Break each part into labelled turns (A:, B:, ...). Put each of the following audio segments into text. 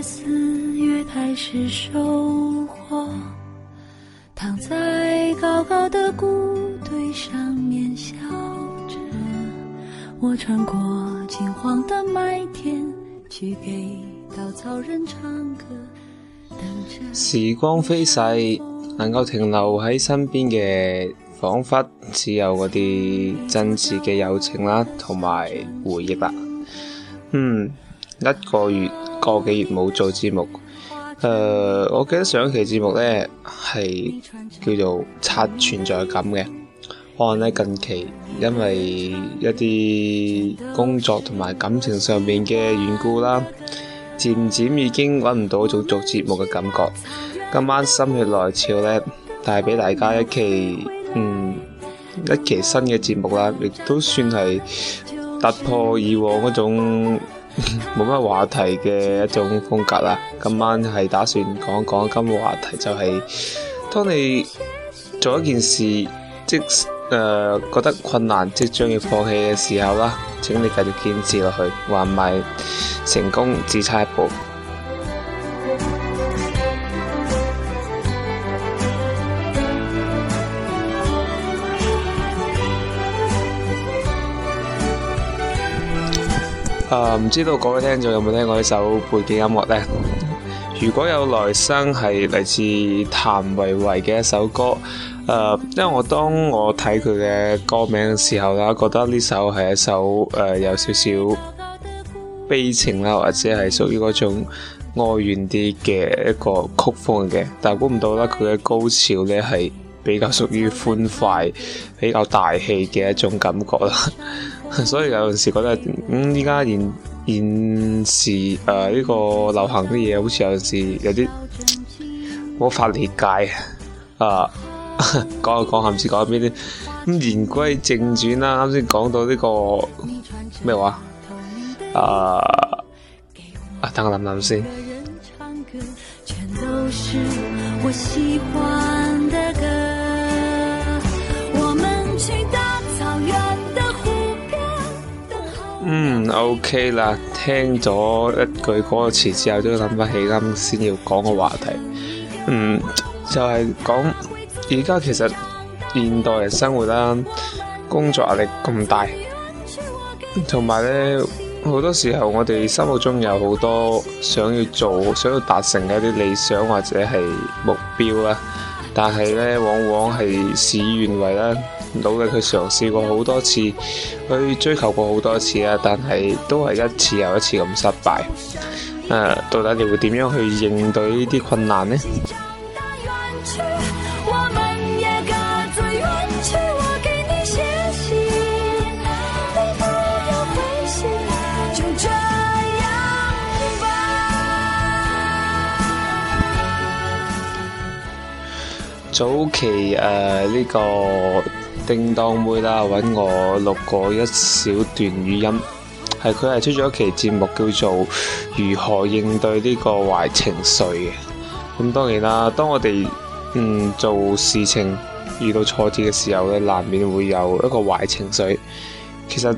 A: 時
B: 光飛逝，能夠停留喺身邊嘅，仿佛只有嗰啲真摯嘅友情啦，同埋回憶啦。嗯，一個月。個幾月冇做節目，誒，我記得上一期節目咧，係叫做刷存在感嘅。可能咧，近期因為一啲工作同埋感情上面嘅緣故啦，漸漸已經揾唔到嗰種做節目嘅感覺。今晚心血來潮咧，帶俾大家一期，嗯，一期新嘅節目啦，亦都算係突破以往嗰種。冇乜話題嘅一種風格啦，今晚係打算講講今日話題，就係、是、當你做一件事即誒、呃、覺得困難即將要放棄嘅時候啦，請你繼續堅持落去，話唔係成功只差一步。誒，唔、uh, 知道各位聽眾有冇聽過呢首背景音樂呢？如果有來生係嚟自譚維維嘅一首歌，誒、uh, 因為我當我睇佢嘅歌名嘅時候啦，覺得呢首係一首誒、uh, 有少少悲情啦，或者係屬於嗰種哀怨啲嘅一個曲風嘅，但係估唔到啦，佢嘅高潮呢係比較屬於歡快、比較大氣嘅一種感覺啦。 所以有陣時覺得嗯，依家現現，現時誒呢、呃呢個流行啲嘢，好似有陣時有啲冇法理解啊、呃！ 講下講下，唔知講邊啲？咁言歸正傳啦、啊，啱先講到呢、呢個咩話啊、呃？啊，等我諗諗
A: 先。
B: O K 啦，聽咗一句歌詞之後都諗返起啱先要講嘅話題，嗯，就係講而家其實現代人生活啦，工作壓力咁大，同埋咧好多時候我哋心目中有好多想要做、想要達成嘅一啲理想或者係目標啦，但係咧往往係事與願違啦。努力去嘗試過好多次，去追求過好多次啊，但係都係一次又一次咁失敗。誒、呃，到底你會點樣去應對呢啲困難呢？
A: 早期呢、
B: 呃這個。叮當妹啦，揾我錄過一小段語音，係佢係出咗一期節目叫做《如何應對呢個壞情緒》嘅。咁，嗯，當然啦，當我哋嗯做事情遇到挫折嘅時候咧，難免會有一個壞情緒。其實。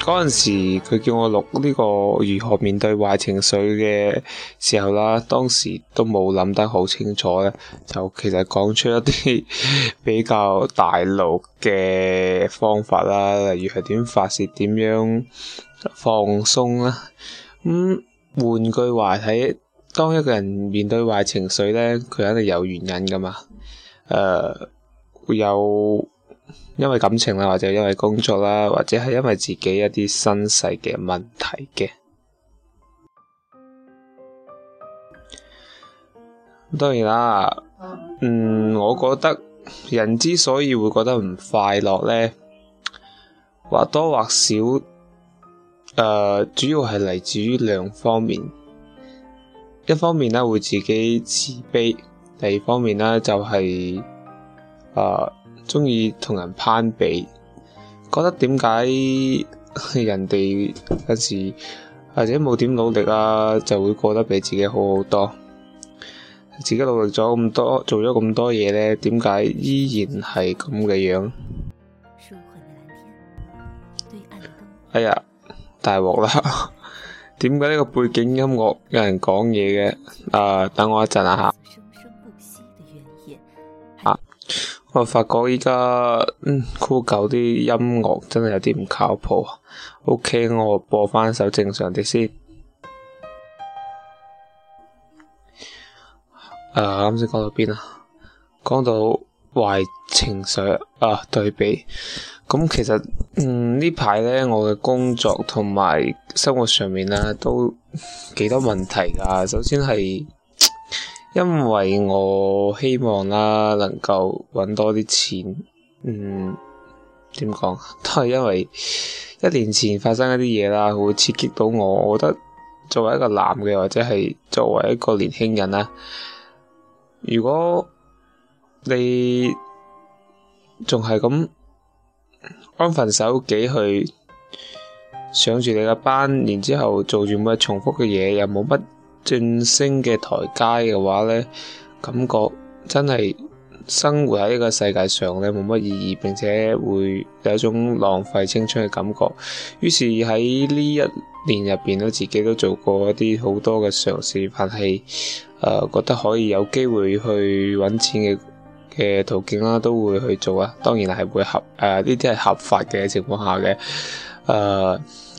B: 嗰陣時佢叫我錄呢個如何面對壞情緒嘅時候啦，當時都冇諗得好清楚咧，就其實講出一啲比較大路嘅方法啦，例如係點發泄、點樣放鬆啦。咁、嗯、換句話睇，當一個人面對壞情緒咧，佢肯定有原因㗎嘛，誒、呃、會有。因為感情啦，或者因為工作啦，或者係因為自己一啲身世嘅問題嘅。當然啦，嗯，我覺得人之所以會覺得唔快樂呢，或多或少，誒、呃，主要係嚟自於兩方面。一方面呢，會自己自卑，第二方面呢，就係、是。誒，中意同人攀比，覺得點解人哋有時或者冇點努力啊，就會過得比自己好好多？自己努力咗咁多，做咗咁多嘢咧，點解依然係咁嘅樣？哎呀，大鑊啦！點解呢個背景音樂有人講嘢嘅？誒、啊，等我一陣啊！我發覺依家酷狗啲音樂真係有啲唔靠譜。OK，我播翻首正常啲先。誒、uh，啱先講到邊啊？講到壞情緒啊，對比。咁、嗯、其實嗯呢排咧，我嘅工作同埋生活上面啊，都幾多問題噶。首先係。因為我希望啦，能夠揾多啲錢。嗯，點講？都係因為一年前發生一啲嘢啦，會刺激到我。我覺得作為一個男嘅，或者係作為一個年輕人啊，如果你仲係咁安分守己去上住你嘅班，然之後做住咩重複嘅嘢，又冇乜。晉升嘅台階嘅話呢，感覺真係生活喺呢個世界上呢，冇乜意義，並且會有一種浪費青春嘅感覺。於是喺呢一年入邊都自己都做過一啲好多嘅嘗試，但係誒覺得可以有機會去揾錢嘅嘅途徑啦，都會去做啊。當然係會合誒，呢啲係合法嘅情況下嘅。誒，都、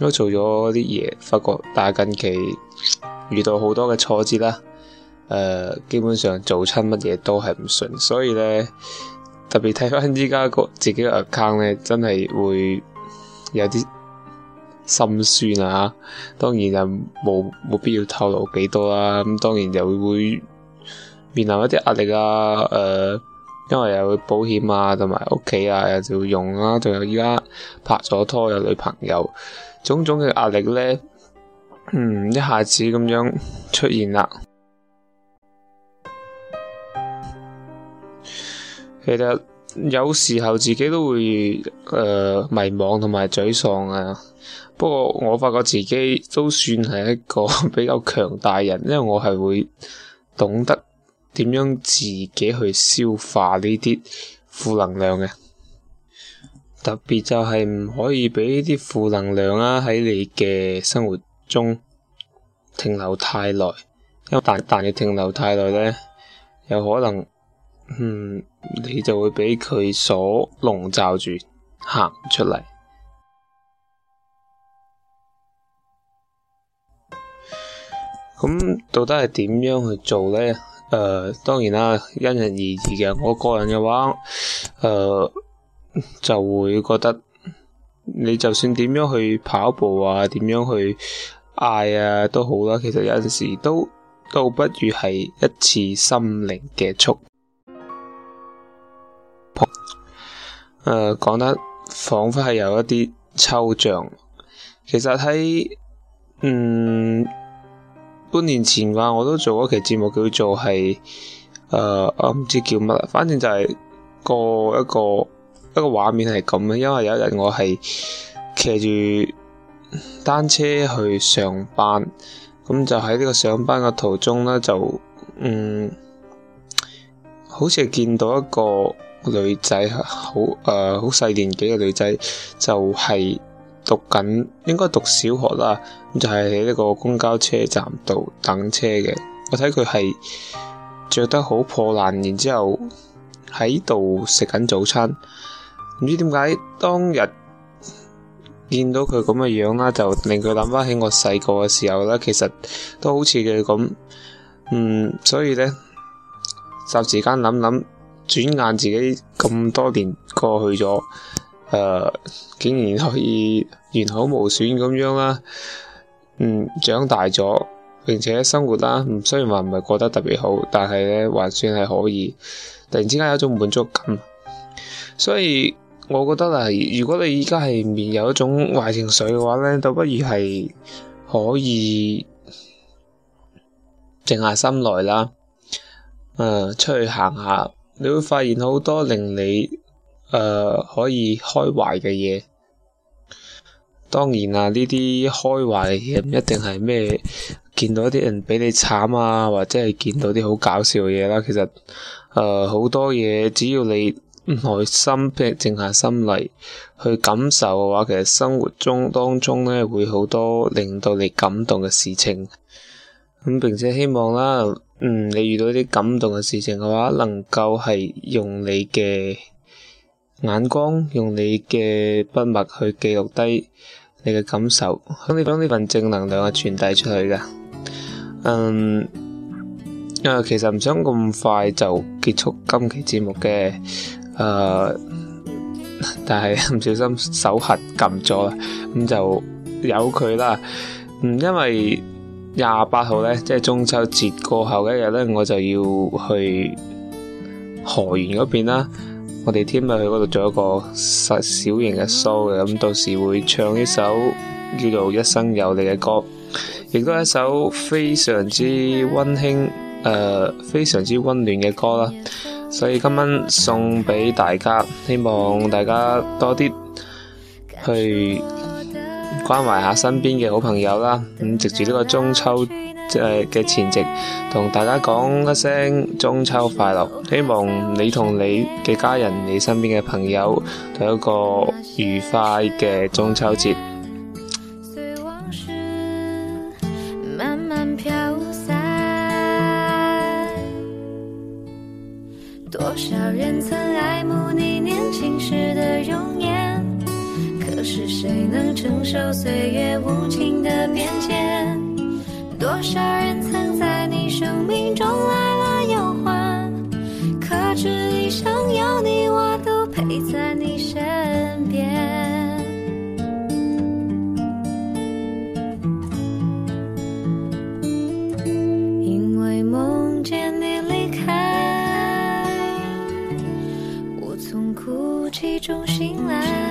B: 呃、做咗啲嘢，發覺但係近期遇到好多嘅挫折啦。誒、呃，基本上做親乜嘢都係唔順，所以咧特別睇翻依家個自己個 account 咧，真係會有啲心酸啊。當然就冇冇必要透露幾多啦、啊。咁當然又會面臨一啲壓力啊。誒、呃。因為又會保險啊，同埋屋企啊，又就會用啦、啊，仲有依家拍咗拖有女朋友，種種嘅壓力呢，嗯，一下子咁樣出現啦。其實有時候自己都會誒、呃、迷茫同埋沮喪啊，不過我發覺自己都算係一個比較強大人，因為我係會懂得。點樣自己去消化呢啲負能量嘅？特別就係唔可以畀呢啲負能量啊喺你嘅生活中停留太耐，因為但但你停留太耐咧，有可能，嗯，你就會畀佢所籠罩住，行唔出嚟。咁到底係點樣去做咧？誒、呃，當然啦，因人而異嘅。我個人嘅話，誒、呃，就會覺得你就算點樣去跑步啊，點樣去嗌啊，都好啦。其實有陣時都都不如係一次心靈嘅觸碰。誒、呃，講得仿佛係有一啲抽象。其實喺嗯。半年前話我都做過一期節目叫做係，誒，我唔知叫乜啊，反正就係個一個一個畫面係咁啊，因為有一日我係騎住單車去上班，咁就喺呢個上班嘅途中咧就嗯，好似係見到一個女仔，好誒，好細年紀嘅女仔就係、是。讀緊應該讀小學啦，咁就係喺呢個公交車站度等車嘅。我睇佢係着得好破爛，然之後喺度食緊早餐。唔知點解當日見到佢咁嘅樣啦，就令佢諗翻起我細個嘅時候啦。其實都好似佢咁，嗯，所以咧霎時間諗諗，轉眼自己咁多年過去咗。誒，uh, 竟然可以完好無損咁樣啦，嗯，長大咗，並且生活啦，唔雖然話唔係過得特別好，但係咧還算係可以。突然之間有一種滿足感，所以我覺得啦，如果你依家係面有一種壞情緒嘅話咧，倒不如係可以靜下心來啦，誒、嗯，出去行下，你會發現好多令你。誒、呃，可以開懷嘅嘢，當然啦、啊，呢啲開懷嘅嘢唔一定係咩，見到啲人俾你慘啊，或者係見到啲好搞笑嘅嘢啦。其實誒，好、呃、多嘢，只要你內心即係靜下心嚟去感受嘅話，其實生活中當中咧會好多令到你感動嘅事情。咁並且希望啦，嗯，你遇到一啲感動嘅事情嘅話，能夠係用你嘅。眼光用你嘅筆墨去記錄低你嘅感受，將呢將呢份正能量啊傳遞出去㗎。嗯，誒、呃，其實唔想咁快就結束今期節目嘅，誒、呃，但係唔小心手核撳咗啦，咁就由佢啦。嗯，因為廿八號咧，即係中秋節過後一日咧，我就要去河源嗰邊啦。我哋聽日去嗰度做一個實小型嘅 show 嘅，咁到時會唱一首叫做《一生有你》嘅歌，亦都係一首非常之溫馨、誒、呃、非常之溫暖嘅歌啦，所以今晚送俾大家，希望大家多啲去。關懷下身邊嘅好朋友啦，咁藉住呢個中秋誒嘅前夕，同大家講一聲中秋快樂，希望你同你嘅家人、你身邊嘅朋友，都有一個愉快嘅中秋節。
A: 是誰能承受歲月無情的變遷？多少人曾在你生命中來了又還？可知一生有你，我都陪在你身邊。因為夢見你離開，我從哭泣中醒來。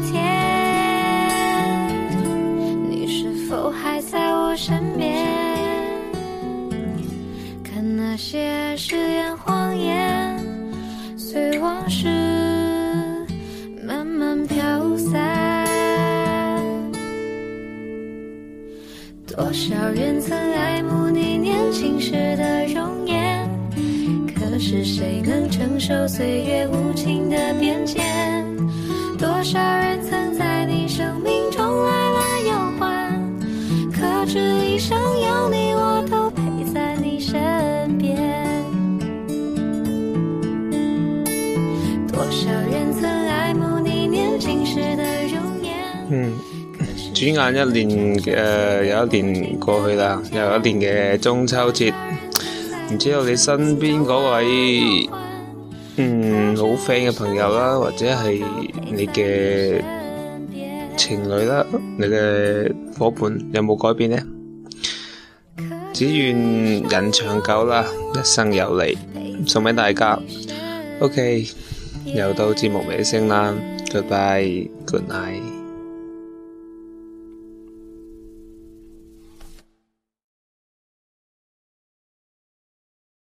A: 有人曾愛慕你年輕時的容顏，可是誰能承受歲月無
B: 轉眼一年誒，有一年過去啦，又有一年嘅中秋節，唔知道你身邊嗰位嗯好 friend 嘅朋友啦，或者係你嘅情侶啦，你嘅夥伴有冇改變呢？只願人長久啦，一生有你，送俾大家。OK，又到節目尾聲啦，Goodbye，Good night。